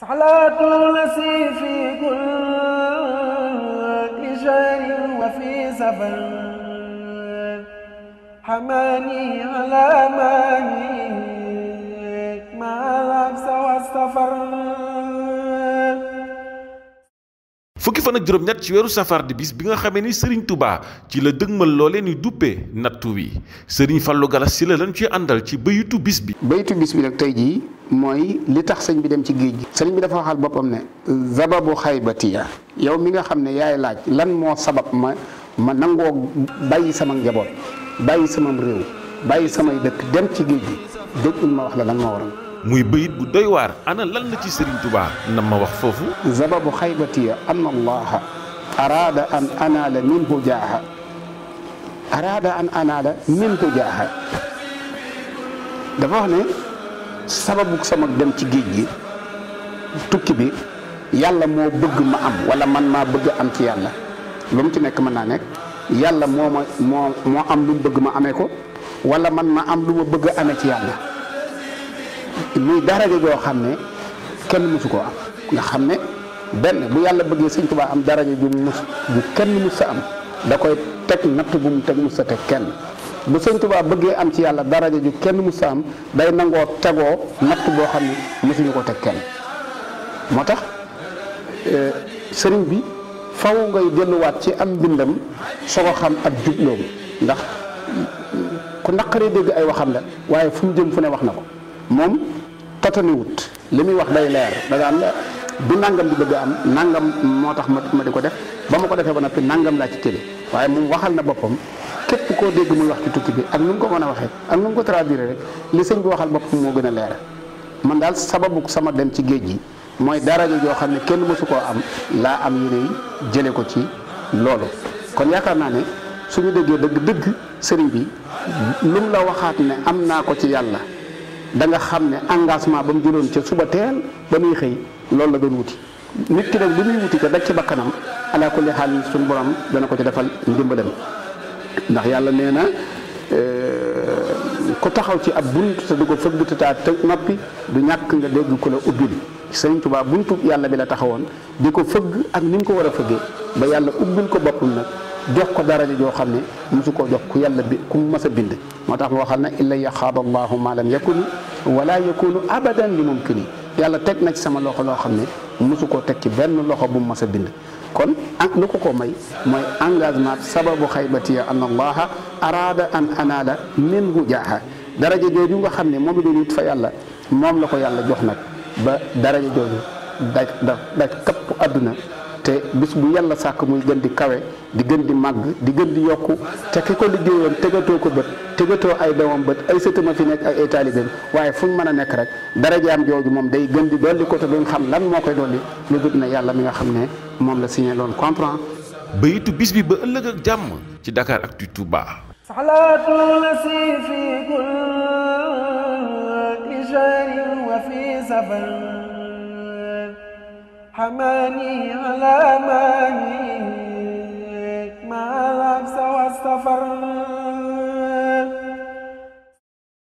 صلاة لسي في كل شهر وفي سفر حماني على ماني مع العبس والسفر fukki fan ak weeru safar di bis bi nga xamee ni Serigne Touba ci la dëgmal loolee ni duppee nattu wi sëriñ Fallou Galass si la lan ci àndal ci bëyitu bis bi. bëyitu bis bi nag tey jii. mooy li tax sëñ bi dem ci géej gi sëñ bi dafa waxal boppam ne sababu xaybatiya yow mi nga xam ne yaay laaj lan moo sabab ma ma nangoo bàyyi sama njaboot bàyyi sama réew bàyyi samay dëkk dem ci géej gi dégguñ ma wax la lan moo waral muy bayit bu doy waar ana lan la ci sëriñ Tuubaa na ma wax foofu sababu xaybatiya an allaha araada an anaala minhu jaaha araada an anaala minhu jaaha dafa wax ne sababu sama dem ci géej gi tukki bi yàlla moo bëgg ma am wala man maa bëgg am ci yàlla lu mu ci nekk mën naa nekk yàlla moo ma moo moo am lu mu bëgg ma amee ko wala man ma am lu ma bëgg amee ci yàlla muy dara joo xam ne kenn mësu koo am nga xam ne benn bu yàlla bëggee sëñ Tuubaa am daraja ju mus bu kenn mus sa am da koy teg natt bu mu teg mus sa teg kenn bu sëñ Tuubaa bëggee am ci yàlla daraja ju kenn musta am day nangoo tegoo natt boo xam ne mësuñu ko teg kenn moo tax euh, sëriñ bi faw ngay delluwaat ci am mbindam soo ko xam ak jubloom ndax ku naqaree dégg ay waxam la waaye fu mu jëm fu ne wax na ko moom wut li muy wax day leer danaan la bi nangam di bëgg am nangam moo tax ma ma di ko def ba ma ko defee ba noppi nangam laa ci tële waaye moom waxal na boppam képp koo dégg muy wax ci tukki bi ak nu mu ko man a waxee ak nu mu ko traduire rek li sëñ bi waxal boppam moo gën a leer man daal sababu sama dem ci géej gi mooy dara joo xam ne kenn mësu koo am laa am yéene yi jële ko ci loolu kon yaakaar naa ne suñu déggee dëgg dëgg sëriñ bi lum la waxaat ne am naa ko ci yàlla da nga xam ne engagement ba mu jëloon ca suba teel ba muy xëy loolu la doon wuti nit ki nag li muy wuti ca daj ci bakkanam alaa kulli xaal borom dana ko ci defal ndimbalam ndax yàlla neena euh ku taxaw ci ab buntu te du ko fëgg te taa tëj noppi du ñak nga dégg ku la ubbil serigne touba buntu yàlla bi la taxawon diko fëgg ak nim ko wara a ba yàlla ubbil ko boppam nak jox ko dara jo xamne ne mosu koo jox ku yàlla bi ku ma sa bind motax tax mu waxal na illa yaxaaba ma lam yakun wala yakunu abadan li yàlla tek na ci sama loxo lo xamne mosu koo teg ci benn loxo bu mu mas a bind kon ak lu ko ko may mooy engagement sababu xaybatiya an allaha araada an anaala minhu jaaha daraja jooju nga xam ne moom la doon it fa yàlla moom la ko yàlla jox nag ba daraja jooju daj daj kapp àdduna te bis bu yàlla sàkk muy gën di kawe di gën di màgg di gën di yokku te ki ko liggéeyoon tegatoo ko bët tegatoo ay doomam bët ay sëtama fi nekk ak ay taalibeem waaye fu ñu mën a nekk rek darajaam jooju moom day gën di dolli ko te duñ xam lan moo koy dolli lu dut na yàlla mi nga xam ne moom la signé loon comprend bayitu bis bi ba ëllëg ak jàmm ci Dakar ak Touba salaatu حماني على ماني ما سوى السفر